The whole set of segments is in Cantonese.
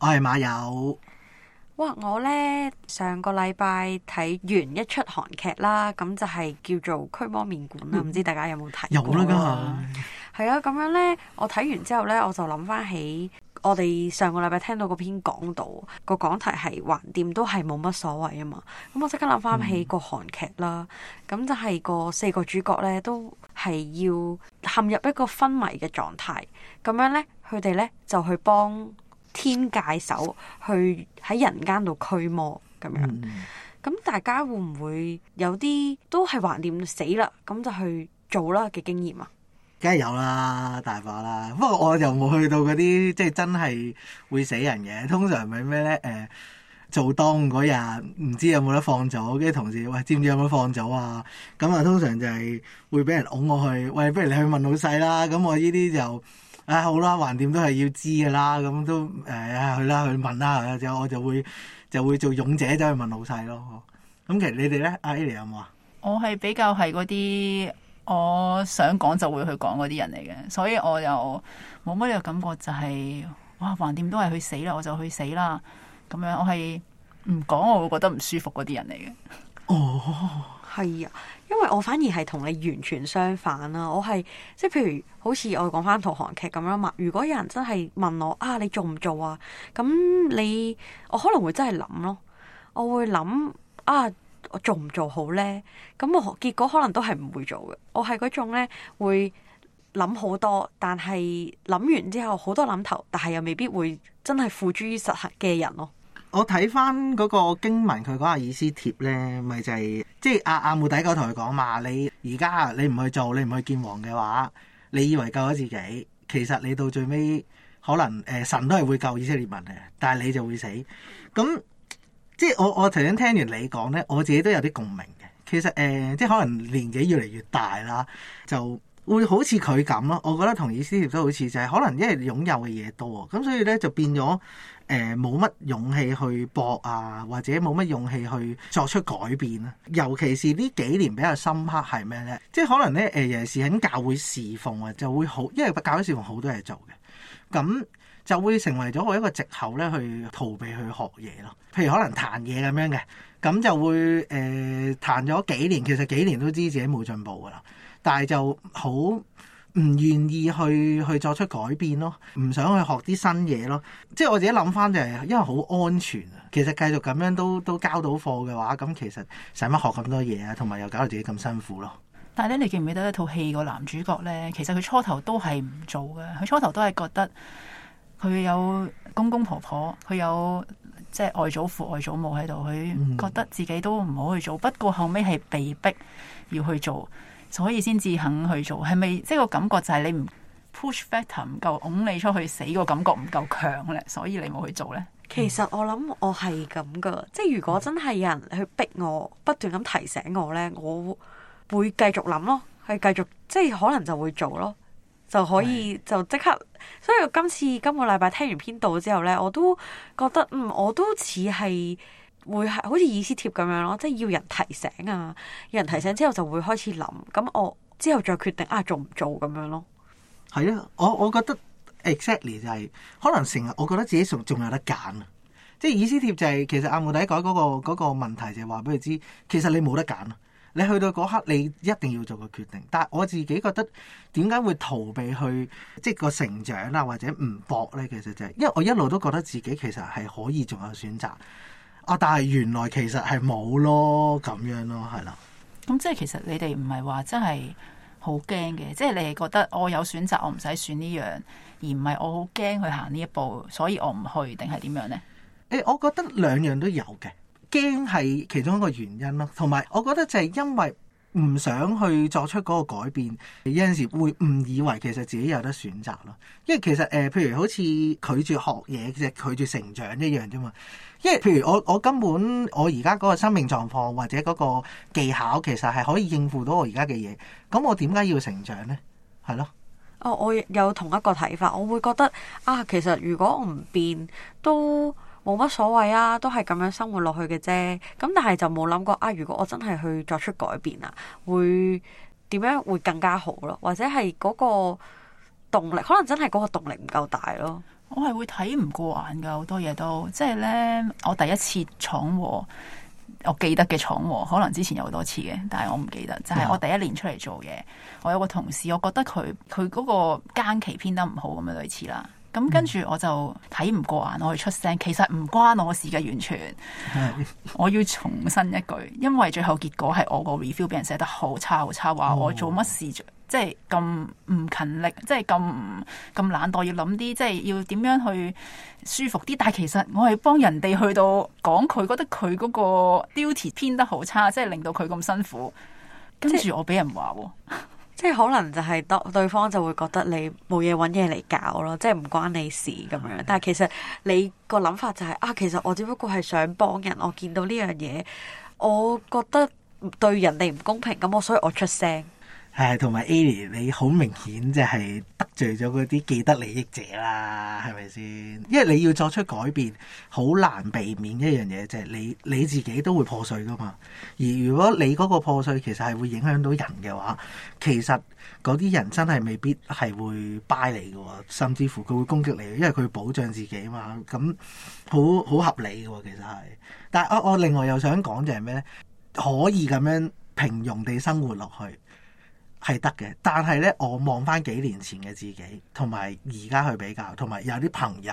我係馬友，哇！我呢，上個禮拜睇完一出韓劇啦，咁就係叫做《驅魔麵館》啦。唔、嗯、知大家有冇睇、嗯？有啦，梗係係啊。咁樣呢，我睇完之後呢，我就諗翻起我哋上個禮拜聽到嗰篇講道、個講題係橫掂都係冇乜所謂啊嘛。咁我即刻諗翻起個韓劇啦，咁、嗯、就係個四個主角呢，都係要陷入一個昏迷嘅狀態，咁樣呢，佢哋呢，就去幫。天界手去喺人間度驅魔咁樣，咁、嗯、大家會唔會有啲都係橫掂死啦？咁就去做啦嘅經驗啊，梗係有啦，大把啦。不過我又冇去到嗰啲即係真係會死人嘅，通常係咩呢？誒、呃，做當嗰日唔知有冇得放早，跟住同事喂，知唔知有冇得放早啊？咁啊，通常就係會俾人拱我去，喂，不如你去問老細啦。咁我呢啲就。啊、哎，好啦，橫掂都係要知噶啦，咁都誒去啦，去問啦，就我就會就會做勇者走去問老細咯。咁其實你哋咧，阿 Allie 有冇啊？我係比較係嗰啲我想講就會去講嗰啲人嚟嘅，所以我又冇乜嘢感覺就係、是、哇，橫掂都係去死啦，我就去死啦。咁樣我係唔講我會覺得唔舒服嗰啲人嚟嘅。哦，係啊。因為我反而係同你完全相反啦、啊，我係即係譬如好似我講翻套韓劇咁樣嘛。如果有人真係問我啊，你做唔做啊？咁你我可能會真係諗咯，我會諗啊，我做唔做好咧？咁我結果可能都係唔會做嘅。我係嗰種咧會諗好多，但係諗完之後好多諗頭，但係又未必會真係付諸於實行嘅人咯。我睇翻嗰個經文，佢講、就是、阿以斯帖呢，咪就係即係阿阿末底改同佢講嘛，你而家你唔去做，你唔去見王嘅話，你以為救咗自己，其實你到最尾可能誒、呃、神都係會救以色列民嘅，但係你就會死。咁即係我我頭先聽完你講呢，我自己都有啲共鳴嘅。其實誒、呃，即係可能年紀越嚟越大啦，就。會好似佢咁咯，我覺得同以斯帖都好似、就是，就係可能因為擁有嘅嘢多，咁所以咧就變咗誒冇乜勇氣去搏啊，或者冇乜勇氣去作出改變啦、啊。尤其是呢幾年比較深刻係咩咧？即係可能咧誒、呃，尤其是喺教會侍奉啊，就會好，因為教會侍奉好多嘢做嘅，咁就會成為咗我一個藉口咧去逃避去學嘢咯。譬如可能彈嘢咁樣嘅，咁就會誒、呃、彈咗幾年，其實幾年都知自己冇進步噶啦。但係就好唔願意去去作出改變咯，唔想去學啲新嘢咯。即係我自己諗翻就係、是，因為好安全啊。其實繼續咁樣都都交到貨嘅話，咁其實使乜學咁多嘢啊？同埋又搞到自己咁辛苦咯。但係咧，你記唔記得一套戲個男主角咧？其實佢初頭都係唔做嘅。佢初頭都係覺得佢有公公婆婆，佢有即係外祖父外祖母喺度，佢覺得自己都唔好去做。不過後尾係被逼要去做。嗯。所以先至肯去做，係咪即係個感覺就係你唔 push factor 唔夠，拱你出去死個感覺唔夠強咧，所以你冇去做咧？其實我諗我係咁噶，即係如果真係有人去逼我，不斷咁提醒我咧，我會繼續諗咯，去繼續，即係可能就會做咯，就可以就即刻。所以今次今個禮拜聽完編導之後咧，我都覺得嗯，我都似係。會係好似以斯帖咁樣咯，即係要人提醒啊，要人提醒之後就會開始諗，咁我之後再決定啊做唔做咁樣咯。係啊，我我覺得 exactly 就係可能成日，我覺得自己仲仲有得揀啊，即係以斯帖就係、是、其實末底改第一講嗰個嗰個問題就係話俾佢知，其實你冇得揀啊。你去到嗰刻你一定要做個決定，但係我自己覺得點解會逃避去即係個成長啊，或者唔搏呢？其實就係因為我一路都覺得自己其實係可以仲有選擇。啊！但係原來其實係冇咯，咁樣咯，係啦。咁即係其實你哋唔係話真係好驚嘅，即係你係覺得我有選擇，我唔使選呢樣，而唔係我好驚去行呢一步，所以我唔去定係點樣呢？誒、欸，我覺得兩樣都有嘅，驚係其中一個原因咯，同埋我覺得就係因為，唔想去作出嗰個改變，有陣時會誤以為其實自己有得選擇咯。因為其實誒、呃，譬如好似拒絕學嘢，即係拒絕成長一樣啫嘛。因為譬如我我根本我而家嗰個生命狀況或者嗰個技巧，其實係可以應付到我而家嘅嘢。咁我點解要成長呢？係咯。哦，我有同一個睇法，我會覺得啊，其實如果我唔變都。冇乜所謂啊，都係咁樣生活落去嘅啫。咁但係就冇諗過啊，如果我真係去作出改變啊，會點樣會更加好咯、啊？或者係嗰個動力，可能真係嗰個動力唔夠大咯、啊。我係會睇唔過眼噶，好多嘢都即係、就是、呢，我第一次闖禍，我記得嘅闖禍，可能之前有好多次嘅，但係我唔記得。就係、是、我第一年出嚟做嘢，我有個同事，我覺得佢佢嗰個間期編得唔好咁樣類似啦。咁、嗯、跟住我就睇唔過眼，我去出聲。其實唔關我事嘅，完全。 我要重申一句，因為最後結果係我個 review 俾人寫得好差好差，話我做乜事，哦、即係咁唔勤力，即係咁咁懶惰，要諗啲即係要點樣去舒服啲。但係其實我係幫人哋去到講佢覺得佢嗰個 duty 編得好差，即係令到佢咁辛苦。跟住我俾人話喎。即 即係可能就係當對方就會覺得你冇嘢揾嘢嚟搞咯，即係唔關你事咁樣。但係其實你個諗法就係啊，其實我只不過係想幫人，我見到呢樣嘢，我覺得對人哋唔公平，咁我所以我出聲。係，同埋 Allie，你好明顯就係得罪咗嗰啲既得利益者啦，係咪先？因為你要作出改變，好難避免一樣嘢，就係、是、你你自己都會破碎噶嘛。而如果你嗰個破碎其實係會影響到人嘅話，其實嗰啲人真係未必係會 buy 你嘅喎，甚至乎佢會攻擊你，因為佢會保障自己啊嘛。咁好好合理嘅喎、啊，其實係。但係我我另外又想講就係咩呢？可以咁樣平庸地生活落去。係得嘅，但係呢，我望翻幾年前嘅自己，同埋而家去比較，同埋有啲朋友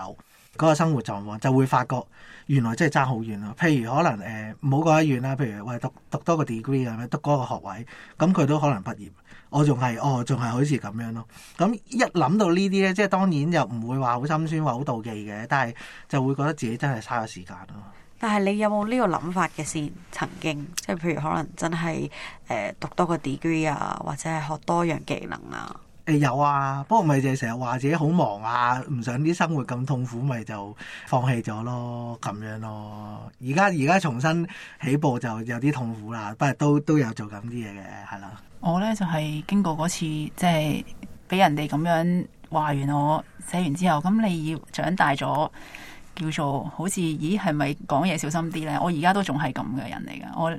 嗰個生活狀況，就會發覺原來真係差好遠咯。譬如可能誒，唔好講得遠啦。譬如喂讀讀多個 degree 咁樣讀多個學位，咁佢都可能畢業。我仲係，哦，仲係好似咁樣咯。咁一諗到呢啲呢，即係當然又唔會話好心酸，話好妒忌嘅，但係就會覺得自己真係嘥咗時間咯。但係你有冇呢個諗法嘅先？曾經即係譬如可能真係誒、呃、讀多個 degree 啊，或者係學多樣技能啊。欸、有啊，不過咪就係成日話自己好忙啊，唔想啲生活咁痛苦，咪就放棄咗咯，咁樣咯。而家而家重新起步就有啲痛苦啦，不過都都有做咁啲嘢嘅，係啦。我呢就係、是、經過嗰次，即係俾人哋咁樣話完我寫完之後，咁你要長大咗。叫做好似，咦，係咪講嘢小心啲呢？我而家都仲係咁嘅人嚟噶，我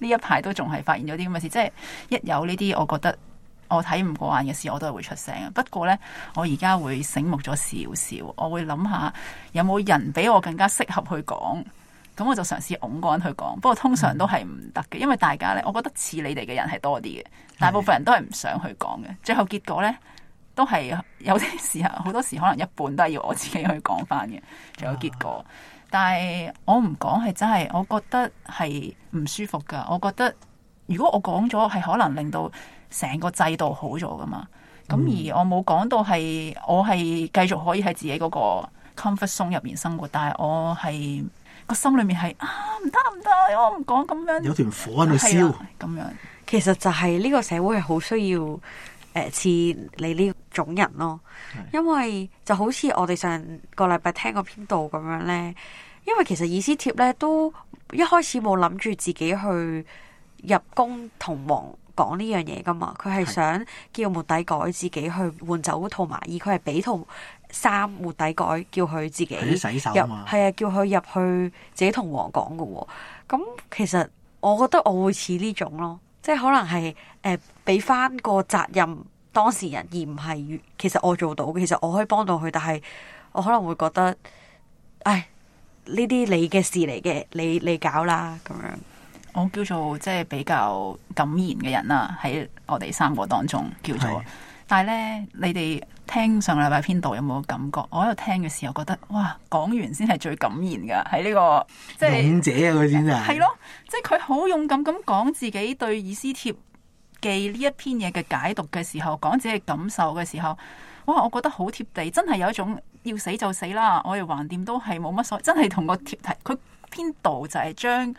呢一排都仲係發現咗啲咁嘅事，即係一有呢啲，我覺得我睇唔過眼嘅事，我都係會出聲。不過呢，我而家會醒目咗少少，我會諗下有冇人比我更加適合去講，咁我就嘗試㧬個人去講。不過通常都係唔得嘅，因為大家呢，我覺得似你哋嘅人係多啲嘅，大部分人都係唔想去講嘅。最後結果呢。都係有啲時候，好多時可能一半都係要我自己去講翻嘅，仲有結果。啊、但係我唔講係真係，我覺得係唔舒服噶。我覺得如果我講咗，係可能令到成個制度好咗噶嘛。咁而我冇講到係，我係繼續可以喺自己嗰個 comfort zone 入面生活，但係我係個心裏面係啊，唔得，唔得，我唔講咁樣。有條火喺度燒，咁、啊、樣，其實就係呢個社會係好需要。誒似、呃、你呢種人咯，是因為就好似我哋上個禮拜聽過篇道咁樣咧，因為其實以斯帖咧都一開始冇諗住自己去入宮同王講呢樣嘢噶嘛，佢係想叫末底改自己去換走套麻衣，佢係俾套衫末底改叫佢自己入洗手啊嘛，係啊，叫佢入去自己同王講嘅喎。咁、嗯、其實我覺得我會似呢種咯，即係可能係誒。呃俾翻個責任當事人而，而唔係其實我做到，嘅，其實我可以幫到佢，但係我可能會覺得，唉，呢啲你嘅事嚟嘅，你你搞啦咁樣。我叫做即係比較感言嘅人啦，喺我哋三個當中叫做。是但係咧，你哋聽上個禮拜篇道有冇感覺？我喺度聽嘅時候覺得，哇，講完先係最感言噶，喺呢、呢個即係勇者啊，佢先係，係咯，即係佢好勇敢咁講自己對以斯帖。記呢一篇嘢嘅解讀嘅時候，講自己嘅感受嘅時候，哇！我覺得好貼地，真係有一種要死就死啦，我哋橫掂都係冇乜所謂，真係同個貼題。佢篇道就係將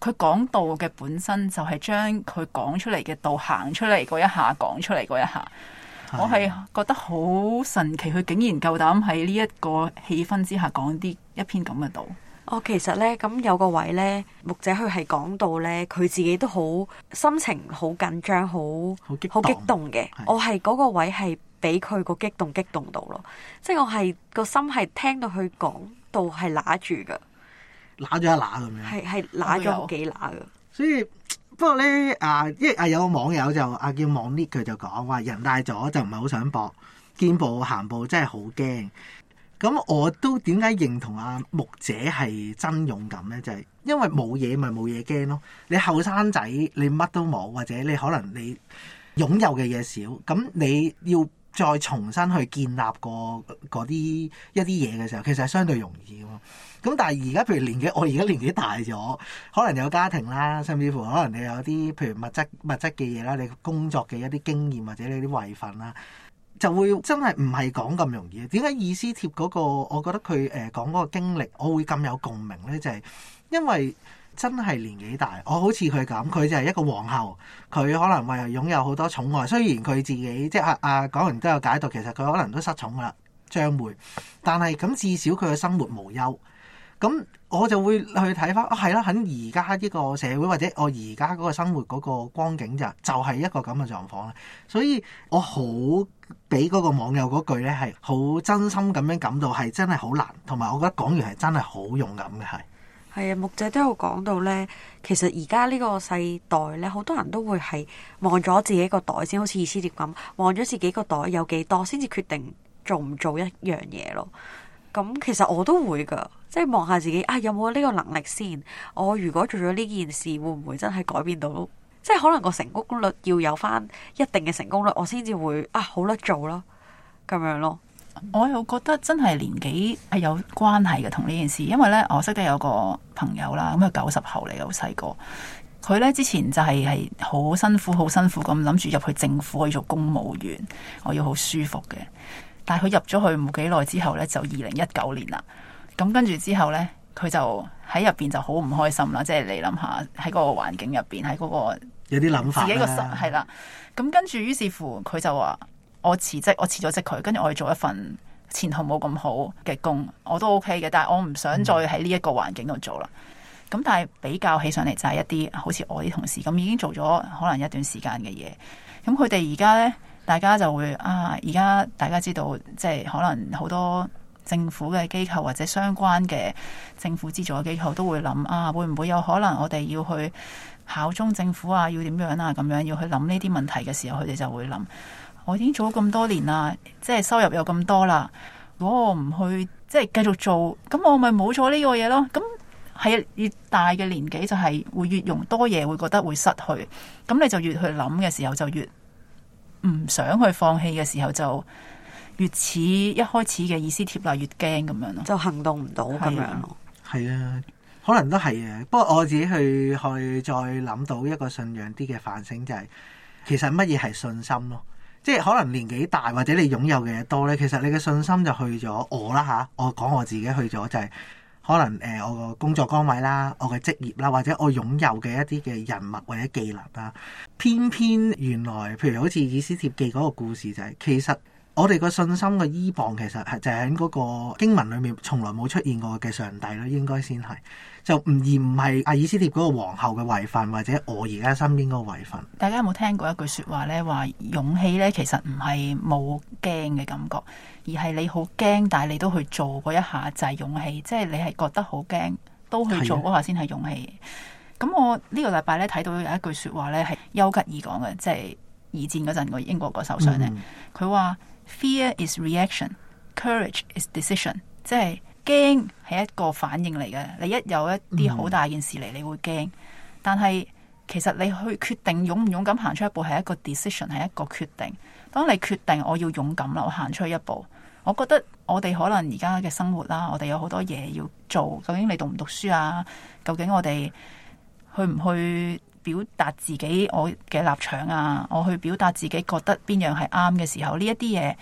佢講道嘅本身就係將佢講出嚟嘅道行出嚟嗰一下講出嚟嗰一下，一下的我係覺得好神奇，佢竟然夠膽喺呢一個氣氛之下講啲一篇咁嘅道。哦，其實咧，咁有個位咧，牧者佢係講到咧，佢自己都好心情好緊張，好好激動嘅。動是我係嗰個位係俾佢個激動激動到咯，即係我係個心係聽到佢講到係乸住噶，乸咗一乸咁樣，係係乸咗好幾乸噶、哎。所以不過咧，啊，即啊有個網友就啊叫網 n 佢就講話人大咗就唔係好想搏，見步行步真係好驚。咁我都點解認同阿木姐係真勇敢呢？就係因為冇嘢咪冇嘢驚咯。你後生仔，你乜都冇，或者你可能你擁有嘅嘢少，咁你要再重新去建立過嗰啲一啲嘢嘅時候，其實係相對容易嘅。咁但係而家譬如年紀，我而家年紀大咗，可能有家庭啦，甚至乎可能你有啲譬如物質物質嘅嘢啦，你工作嘅一啲經驗或者你啲位份啦。就會真係唔係講咁容易。點解《以斯帖》嗰個，我覺得佢誒、呃、講嗰個經歷，我會咁有共鳴呢？就係、是、因為真係年紀大，我好似佢咁，佢就係一個皇后，佢可能為擁有好多寵愛，雖然佢自己即係阿阿講人都有解讀，其實佢可能都失寵啦，將會，但係咁至少佢嘅生活無憂。咁我就會去睇翻，啊，係啦，喺而家呢個社會或者我而家嗰個生活嗰個光景就就係一個咁嘅狀況啦。所以我好俾嗰個網友嗰句呢，係好真心咁樣感到係真係好難，同埋我覺得講完係真係好勇敢嘅，係。係啊，木仔都有講到呢。其實而家呢個世代呢，好多人都會係望咗自己個袋先，好似意思點咁，望咗自己個袋有幾多先至決定做唔做一樣嘢咯。咁其實我都會噶，即係望下自己啊，有冇呢個能力先？我如果做咗呢件事，會唔會真係改變到？即係可能個成功率要有翻一定嘅成功率，我先至會啊，好嘞，做咯，咁樣咯。我又覺得真係年紀係有關係嘅同呢件事，因為呢，我識得有個朋友啦，咁佢九十後嚟嘅好細個，佢呢之前就係係好辛苦、好辛苦咁諗住入去政府去做公務員，我要好舒服嘅。但係佢入咗去冇幾耐之後咧，就二零一九年啦。咁跟住之後咧，佢就喺入邊就好唔開心啦。即係你諗下喺嗰個環境入邊，喺嗰個有啲諗法，自己個心係啦。咁跟住於是乎佢就話：我辭職，我辭咗職佢。跟住我去做一份前途冇咁好嘅工，我都 OK 嘅。但係我唔想再喺呢一個環境度做啦。咁、嗯、但係比較起上嚟，就係一啲好似我啲同事咁已經做咗可能一段時間嘅嘢。咁佢哋而家咧。大家就會啊！而家大家知道，即係可能好多政府嘅機構或者相關嘅政府資助嘅機構都會諗啊，會唔會有可能我哋要去效忠政府啊？要點樣啊？咁樣要去諗呢啲問題嘅時候，佢哋就會諗：我已經做咗咁多年啦，即係收入有咁多啦。如果我唔去即係繼續做，咁我咪冇咗呢個嘢咯。咁係越大嘅年紀，就係會越用多嘢，會覺得會失去。咁你就越去諗嘅時候，就越。唔想去放棄嘅時候，就越似一開始嘅意思貼啦，越驚咁樣咯，就行動唔到咁樣咯。係啊，可能都係啊。不過我自己去去再諗到一個信仰啲嘅反省，就係、是、其實乜嘢係信心咯。即係可能年紀大或者你擁有嘅嘢多呢，其實你嘅信心就去咗我啦吓，我講我自己去咗就係、是。可能誒我個工作崗位啦，我嘅職業啦，或者我擁有嘅一啲嘅人物或者技能啊，偏偏原來譬如好似以斯帖記嗰個故事就係、是，其實我哋個信心嘅依傍其實係就喺嗰個經文裏面從來冇出現過嘅上帝囉，應該先係就而唔係阿以斯帖嗰個皇后嘅位分，或者我而家身邊嗰個位分。大家有冇聽過一句説話呢？話勇氣呢，其實唔係冇驚嘅感覺。而係你好驚，但係你都去做嗰一下就係、是、勇氣。即係你係覺得好驚都去做嗰下先係勇氣。咁是的 我個呢個禮拜咧睇到有一句說話咧係丘吉爾講嘅，即係二戰嗰陣個英國個首相咧，佢話：Fear is reaction，courage is decision。即係驚係一個反應嚟嘅，你一有一啲好大件事嚟，你會驚。嗯、但係其實你去決定勇唔勇敢行出一步係一個 decision，係一個決定。當你決定我要勇敢啦，我行出去一步。我覺得我哋可能而家嘅生活啦、啊，我哋有好多嘢要做。究竟你讀唔讀書啊？究竟我哋去唔去表達自己我嘅立場啊？我去表達自己覺得邊樣係啱嘅時候，呢一啲嘢，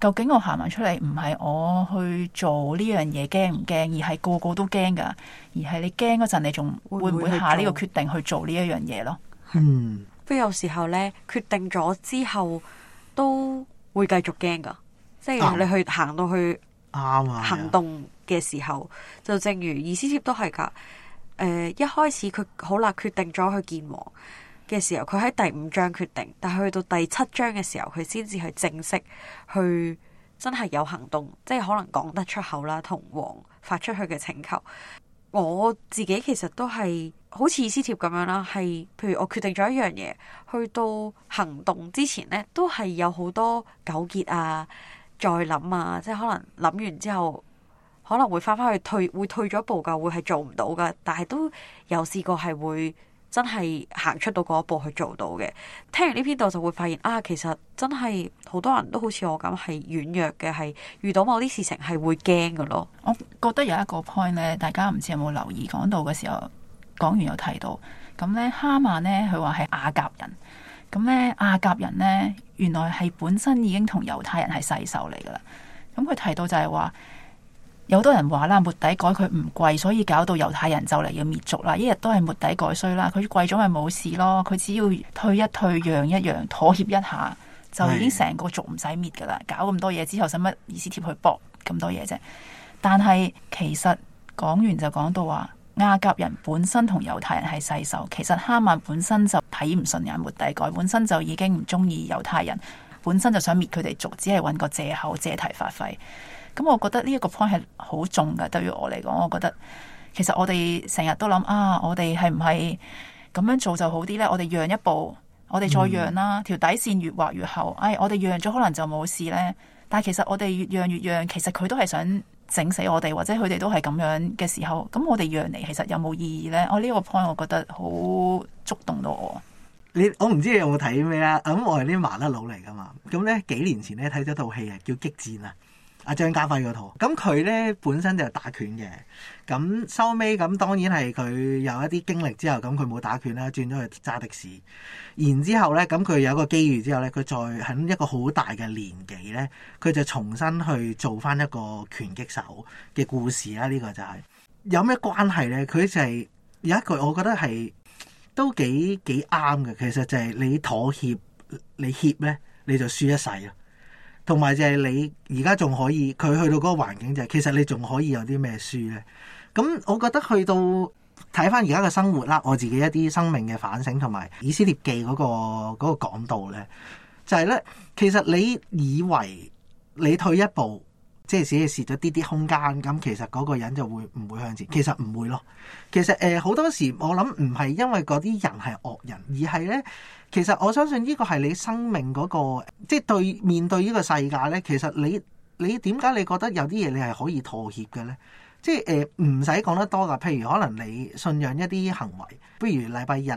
究竟我行埋出嚟，唔係我去做呢樣嘢驚唔驚？而係個個都驚㗎，而係你驚嗰陣，你仲會唔會下呢個決定去做呢一樣嘢咯？嗯，不過有時候呢，決定咗之後都會繼續驚㗎。即係你去行到去，行動嘅時候 就正如《意思帖以斯帖》都係噶，誒一開始佢好啦，決定咗去見王嘅時候，佢喺第五章決定，但係去到第七章嘅時候，佢先至去正式去真係有行動，即係可能講得出口啦，同王發出去嘅請求。我自己其實都係好似《以斯帖》咁樣啦，係譬如我決定咗一樣嘢，去到行動之前呢，都係有好多糾結啊。再諗啊，即係可能諗完之後，可能會翻翻去退，會退咗步噶，會係做唔到噶。但係都有試過係會真係行出到嗰一步去做到嘅。聽完呢篇道就會發現啊，其實真係好多人都好似我咁係軟弱嘅，係遇到某啲事情係會驚噶咯。我覺得有一個 point 咧，大家唔知有冇留意講到嘅時候，講完有提到咁咧，哈曼咧佢話係亞甲人，咁咧亞甲人咧。原來係本身已經同猶太人係世仇嚟噶啦，咁、嗯、佢提到就係話有好多人話啦，末底改佢唔貴，所以搞到猶太人就嚟要滅族啦，一日都係末底改衰啦，佢貴咗咪冇事咯，佢只要退一退讓一讓妥協一下就已經成個族唔使滅噶啦，搞咁多嘢之後使乜意思貼去搏咁多嘢啫？但係其實講完就講到話。亞甲人本身同猶太人係世仇，其實哈曼本身就睇唔順眼末底改，本身就已經唔中意猶太人，本身就想滅佢哋族，只係揾個借口借題發揮。咁我覺得呢一個 point 係好重噶，對於我嚟講，我覺得，我我覺得其實我哋成日都諗啊，我哋係唔係咁樣做就好啲呢？我哋讓一步，我哋再讓啦、啊，條、嗯、底線越畫越厚。哎，我哋讓咗可能就冇事呢。但係其實我哋越讓越讓，其實佢都係想。整死我哋，或者佢哋都係咁樣嘅時候，咁我哋讓嚟，其實有冇意義咧？我呢個 point 我覺得好觸動到我。你我唔知你有冇睇咩呀？咁我係啲麻甩佬嚟噶嘛。咁咧幾年前咧睇咗套戲啊，叫《激戰》啊。阿張家輝個套，咁佢呢本身就打拳嘅，咁收尾咁當然係佢有一啲經歷之後，咁佢冇打拳啦，轉咗去揸的士。然之後呢，咁佢有一個機遇之後呢，佢再喺一個好大嘅年紀呢，佢就重新去做翻一個拳擊手嘅故事啦。呢個就係有咩關係呢？佢就係有一句，我覺得係都幾幾啱嘅。其實就係你妥協，你協呢，你就輸一世啊！同埋就係你而家仲可以，佢去到嗰個環境就係，其實你仲可以有啲咩書呢？咁我覺得去到睇翻而家嘅生活啦，我自己一啲生命嘅反省同埋《以斯帖記》嗰個嗰個講道咧，就係呢。其實你以為你退一步。即係只係蝕咗啲啲空間，咁其實嗰個人就會唔會向前？其實唔會咯。其實誒，好、呃、多時我諗唔係因為嗰啲人係惡人，而係呢。其實我相信呢個係你生命嗰、嗰個，即係對面對呢個世界呢。其實你你點解你覺得有啲嘢你係可以妥協嘅呢？即係唔使講得多啦。譬如可能你信仰一啲行為，不如禮拜日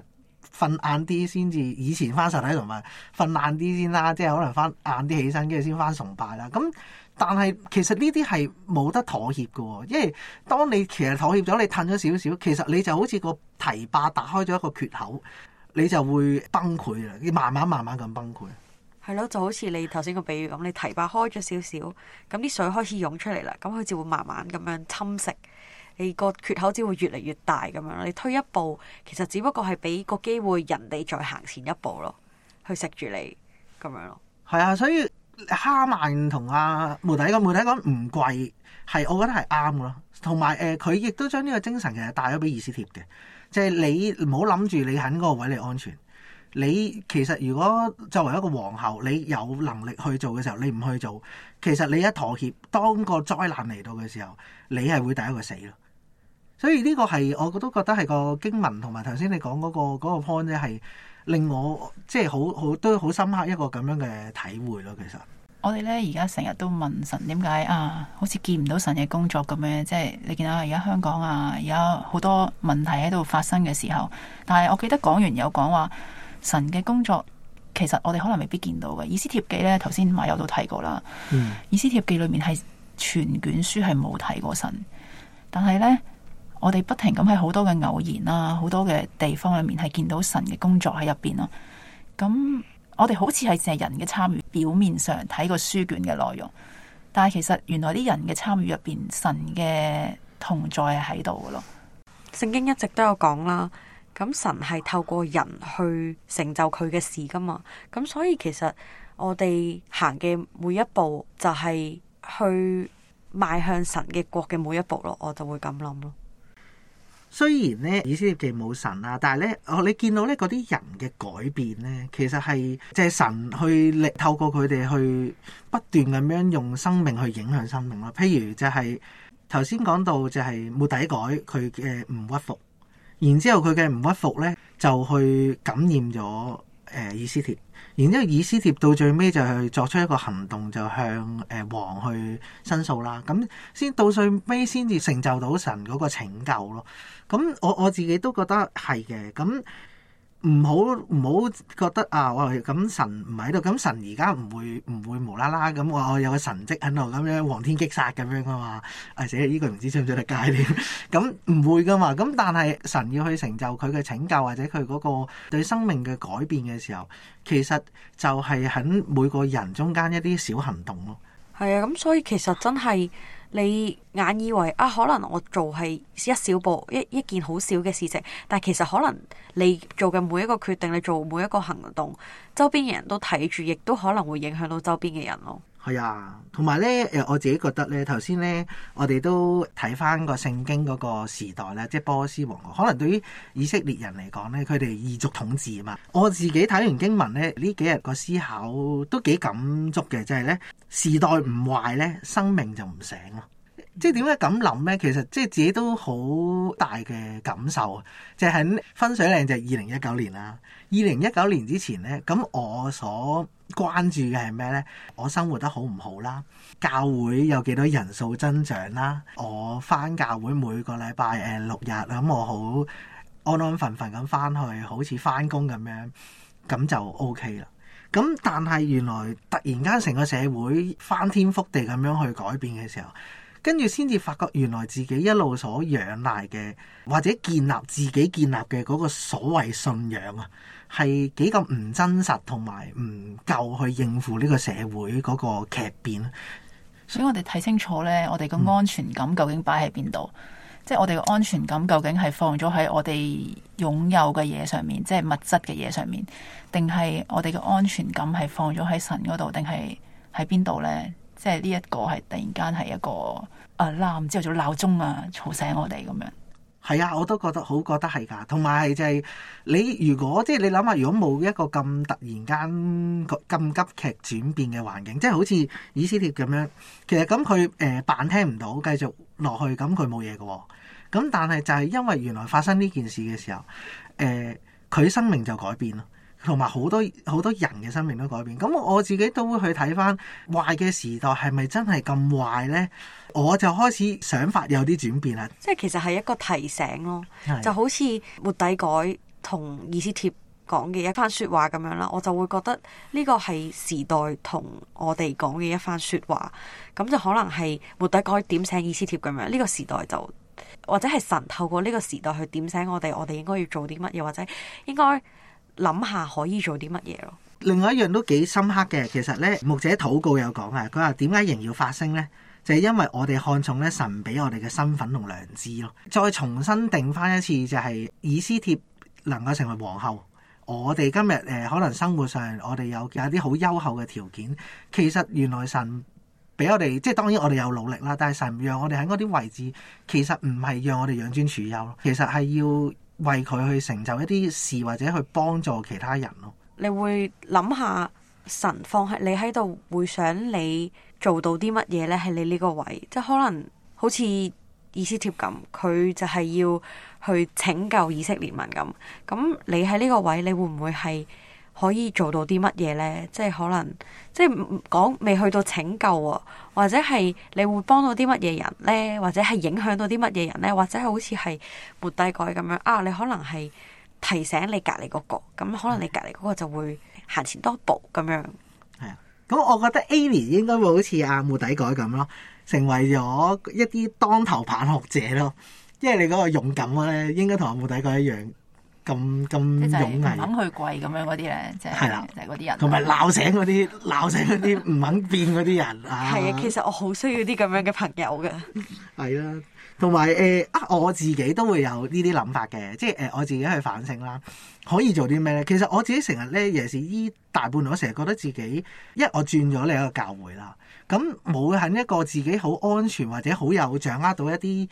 瞓晏啲先至。以前翻實體同埋瞓晏啲先啦，即係可能翻晏啲起身，跟住先翻崇拜啦。咁但係，其實呢啲係冇得妥協嘅喎、哦，因為當你其實妥協咗，你褪咗少少，其實你就好似個堤壩打開咗一個缺口，你就會崩潰啦，你慢慢慢慢咁崩潰。係咯，就好似你頭先個比喻咁，你堤壩開咗少少，咁啲水開始湧出嚟啦，咁佢就會慢慢咁樣侵蝕你個缺口，只會越嚟越大咁樣。你推一步，其實只不過係俾個機會人哋再行前一步咯，去食住你咁樣咯。係啊，所以。哈曼同阿末底改講，末底改講唔跪，係我覺得係啱嘅咯。同埋誒，佢、呃、亦都將呢個精神其實帶咗俾以斯帖嘅，即、就、係、是、你唔好諗住你喺嗰個位你安全。你其實如果作為一個皇后，你有能力去做嘅時候，你唔去做，其實你一妥協，當個災難嚟到嘅時候，你係會第一個死咯。所以呢個係我都覺得係個經文，同埋頭先你講嗰、那個嗰、那個 point 咧係。令我即係好好都好深刻一個咁樣嘅體會咯，其實我呢。我哋咧而家成日都問神點解啊，好似見唔到神嘅工作咁樣，即係你見到，而家香港啊，而家好多問題喺度發生嘅時候。但係我記得講完有講話神嘅工作，其實我哋可能未必見到嘅。以斯帖記咧，頭先馬友都提過啦。嗯。以斯帖記裏面係全卷書係冇睇過神，但係咧。我哋不停咁喺好多嘅偶然啦，好多嘅地方裏面係見到神嘅工作喺入邊咯。咁我哋好似係淨係人嘅參與，表面上睇個書卷嘅內容，但係其實原來啲人嘅參與入邊，神嘅同在係喺度嘅咯。聖經一直都有講啦，咁神係透過人去成就佢嘅事噶嘛。咁所以其實我哋行嘅每一步，就係去邁向神嘅國嘅每一步咯。我就會咁諗咯。雖然咧，以斯帖記冇神啊，但係咧，哦，你見到咧，嗰啲人嘅改變咧，其實係就係神去力透過佢哋去不斷咁樣用生命去影響生命啦。譬如就係頭先講到就係末底改佢嘅唔屈服，然之後佢嘅唔屈服咧就去感染咗誒以斯帖。然之後，以斯帖到最尾就去作出一個行動，就向誒王去申訴啦。咁先到最尾先至成就到神嗰個拯救咯。咁我我自己都覺得係嘅。咁。唔好唔好覺得啊！我咁神唔喺度，咁神而家唔會唔會無啦啦咁我有個神跡喺度咁樣，皇天擊殺咁樣㗎嘛！誒，死呢句唔知出唔出得界添？咁、啊、唔會噶嘛？咁但係神要去成就佢嘅拯救或者佢嗰個對生命嘅改變嘅時候，其實就係喺每個人中間一啲小行動咯。係啊，咁所以其實真係。你眼以為啊，可能我做係一小步，一一件好小嘅事情，但其實可能你做嘅每一個決定，你做每一個行動，周邊嘅人都睇住，亦都可能會影響到周邊嘅人咯。係啊，同埋呢，誒我自己覺得呢，頭先呢，我哋都睇翻個聖經嗰個時代呢，即係波斯王國。可能對於以色列人嚟講呢，佢哋異族統治啊嘛。我自己睇完經文呢，呢幾日個思考都幾感觸嘅，就係，呢時代唔壞呢，生命就唔醒咯。即係點解咁諗呢？其實即係自己都好大嘅感受，就係，分水嶺就係二零一九年啦。二零一九年之前呢，咁我所關注嘅係咩呢？我生活得好唔好啦？教會有幾多人數增長啦？我翻教會每個禮拜誒六日，咁、嗯、我好安安分分咁翻去，好似翻工咁樣，咁就 OK 啦。咁、嗯、但係原來突然間成個社會翻天覆地咁樣去改變嘅時候，跟住先至發覺原來自己一路所仰賴嘅或者建立自己建立嘅嗰個所謂信仰啊。係幾咁唔真實，同埋唔夠去應付呢個社會嗰個劇變。所以我哋睇清楚咧，我哋個安全感究竟擺喺邊度？嗯、即係我哋嘅安全感究竟係放咗喺我哋擁有嘅嘢上面，即係物質嘅嘢上面，定係我哋嘅安全感係放咗喺神嗰度，定係喺邊度咧？即係呢一個係突然間係一個 alarm 之後做鬧鐘啊，吵醒我哋咁樣。係啊，我都覺得好，覺得係㗎。同埋係就係、係、你如果即係你諗下，如果冇一個咁突然間咁急劇轉變嘅環境，即係好似以斯帖咁樣，其實咁佢誒，扮聽唔到，繼續落去，咁佢冇嘢嘅喎。咁但係就係因為原來發生呢件事嘅時候，誒、呃、佢生命就改變咯。同埋好多好多人嘅生命都改變，咁我自己都會去睇翻壞嘅時代係咪真係咁壞呢？我就開始想法有啲轉變啊！即係其實係一個提醒咯，的就好似末底改同以斯帖講嘅一番説話咁樣啦，我就會覺得呢個係時代同我哋講嘅一番説話，咁就可能係末底改點醒以斯帖咁樣。呢個時代就或者係神透過呢個時代去點醒我哋，我哋應該要做啲乜嘢，或者應該。諗下可以做啲乜嘢咯。另外一樣都幾深刻嘅，其實呢牧者禱告有講啊，佢話點解仍要發聲呢？就係因為我哋看重嘅神俾我哋嘅身份同良知咯。再重新定翻一次，就係以斯帖能夠成為皇后，我哋今日誒可能生活上我哋有有啲好優厚嘅條件，其實原來神俾我哋，即係當然我哋有努力啦，但係神讓我哋喺嗰啲位置，其實唔係讓我哋養尊處優，其實係要。為佢去成就一啲事，或者去幫助其他人咯。你會諗下神放喺你喺度，會想你做到啲乜嘢呢？喺你呢個位，即係可能好似以斯帖咁，佢就係要去拯救以色列民咁。咁你喺呢個位，你會唔會係？可以做到啲乜嘢呢？即係可能，即係講未去到拯救啊，或者係你會幫到啲乜嘢人呢？或者係影響到啲乜嘢人呢？或者好似係末底改咁樣啊？你可能係提醒你隔籬嗰個，咁可能你隔籬嗰個就會行前多步咁樣。係啊，咁我覺得 Allie 應該會好似阿末底改咁咯，成為咗一啲當頭棒學者咯，因為你嗰個勇敢咧，應該同阿末底改一樣。咁咁勇毅，唔肯去跪咁樣嗰啲咧，即係是是、啊、就係嗰啲人，同埋鬧醒嗰啲，鬧醒嗰啲唔肯變嗰啲人啊！係 啊，其實我好需要啲咁樣嘅朋友嘅 。係啊，同埋誒啊，我自己都會有呢啲諗法嘅，即係誒、呃、我自己去反省啦，可以做啲咩咧？其實我自己成日咧，尤其是依大半年我成日覺得自己，因為我轉咗你一個教會啦，咁冇肯一個自己好安全或者好有掌握到一啲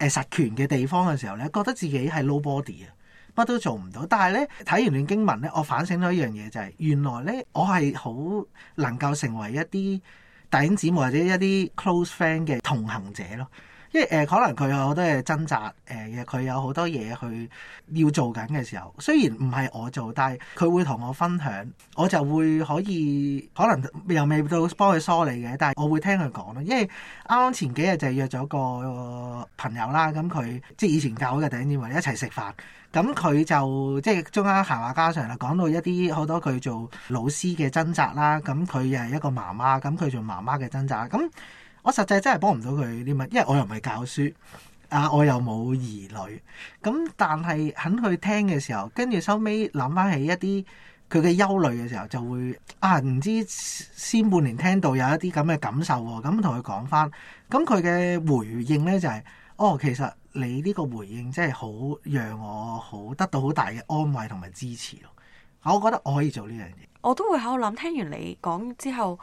誒實權嘅地方嘅時候咧，覺得自己係 nobody 啊。乜都做唔到，但係呢，睇完段經文呢，我反省咗一樣嘢就係、是，原來呢，我係好能夠成為一啲大影子或者一啲 close friend 嘅同行者咯。即係誒，可能佢有好多嘢掙扎，誒、呃、佢有好多嘢去要做緊嘅時候，雖然唔係我做，但係佢會同我分享，我就會可以可能又未到幫佢梳理嘅，但係我會聽佢講咯。因為啱啱前幾日就係約咗個朋友啦，咁佢即係以前教嘅第一年，一齊食飯，咁佢就即係中間閒話家常啦，講到一啲好多佢做老師嘅掙扎啦，咁佢又係一個媽媽，咁佢做媽媽嘅掙扎咁。我實際真係幫唔到佢啲乜，因為我又唔係教書，啊我又冇兒女，咁但係肯去聽嘅時候，跟住收尾諗翻起一啲佢嘅憂慮嘅時候，就會啊唔知先半年聽到有一啲咁嘅感受喎，咁同佢講翻，咁佢嘅回應呢，就係，哦其實你呢個回應真係好讓我好得到好大嘅安慰同埋支持咯，我覺得我可以做呢樣嘢。我都會喺度諗，聽完你講之後。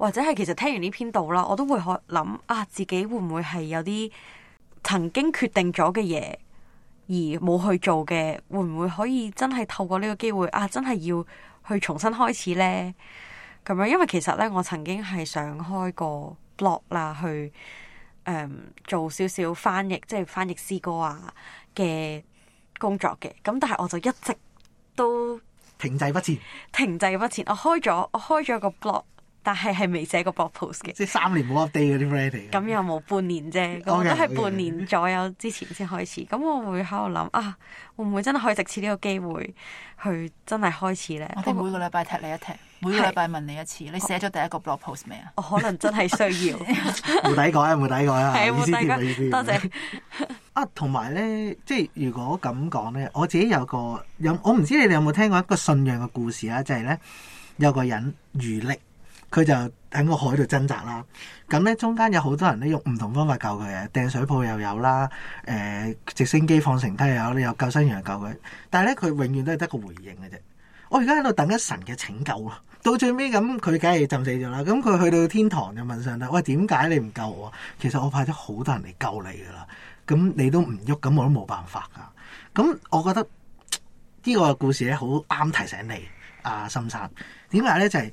或者係其實聽完呢篇道啦，我都會可諗啊，自己會唔會係有啲曾經決定咗嘅嘢而冇去做嘅，會唔會可以真係透過呢個機會啊，真係要去重新開始呢？咁樣，因為其實呢，我曾經係想開個 blog 啦，去誒、嗯、做少少翻譯，即係翻譯詩歌啊嘅工作嘅。咁但係我就一直都停滯不前，停滯不前。我開咗我開咗個 blog。但係係未寫過 blog post 嘅，即係三年冇 update 嗰啲 friend 嚟嘅。咁又冇半年啫，我都係半年左右之前先開始。咁我會喺度諗啊，會唔會真係可以藉此呢個機會去真係開始咧？我哋每個禮拜踢你一踢，每個禮拜問你一次。你寫咗第一個 blog post 未啊？我可能真係需要。冇抵講啊，冇抵講啊，意思點啊？多謝啊，同埋咧，即係如果咁講咧，我自己有個有我唔知你哋有冇聽過一個信仰嘅故事啦，就係咧有個人愚力。佢就喺個海度掙扎啦，咁呢，中間有好多人呢，用唔同方法救佢嘅，掟水泡又有啦，誒、呃、直升機放繩梯又有，有救生員救佢，但係呢，佢永遠都係得個回應嘅啫。我而家喺度等緊神嘅拯救啊！到最尾咁，佢梗係浸死咗啦。咁佢去到天堂就問上帝：喂，點解你唔救我？其實我派咗好多人嚟救你噶啦，咁你都唔喐，咁我都冇辦法噶。咁我覺得呢個故事咧好啱提醒你，阿、啊、心山，點解呢？就係、是。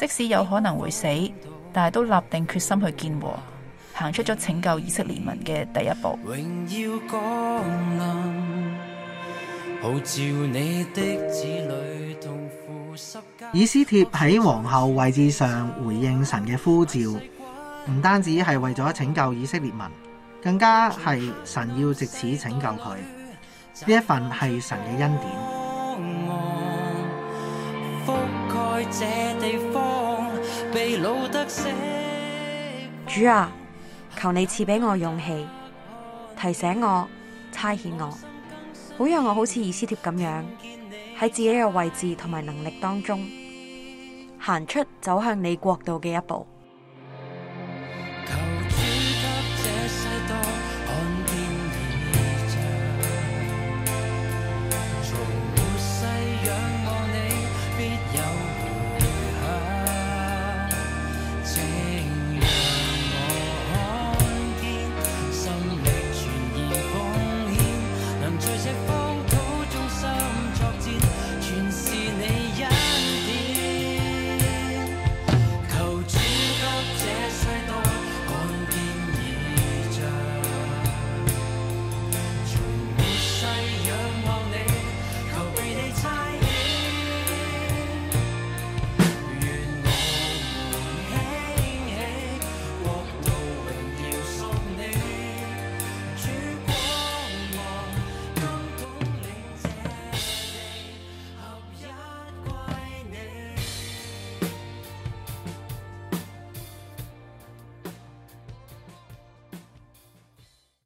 即使有可能會死，但係都立定決心去見和，行出咗拯救以色列民嘅第一步。以斯帖喺皇后位置上回應神嘅呼召，唔單止係為咗拯救以色列民，更加係神要借此拯救佢。呢一份係神嘅恩典。主啊，求你賜俾我勇氣，提醒我、差遣我，好讓我好似以斯帖咁樣，喺自己嘅位置同埋能力當中，行出走向你國度嘅一步。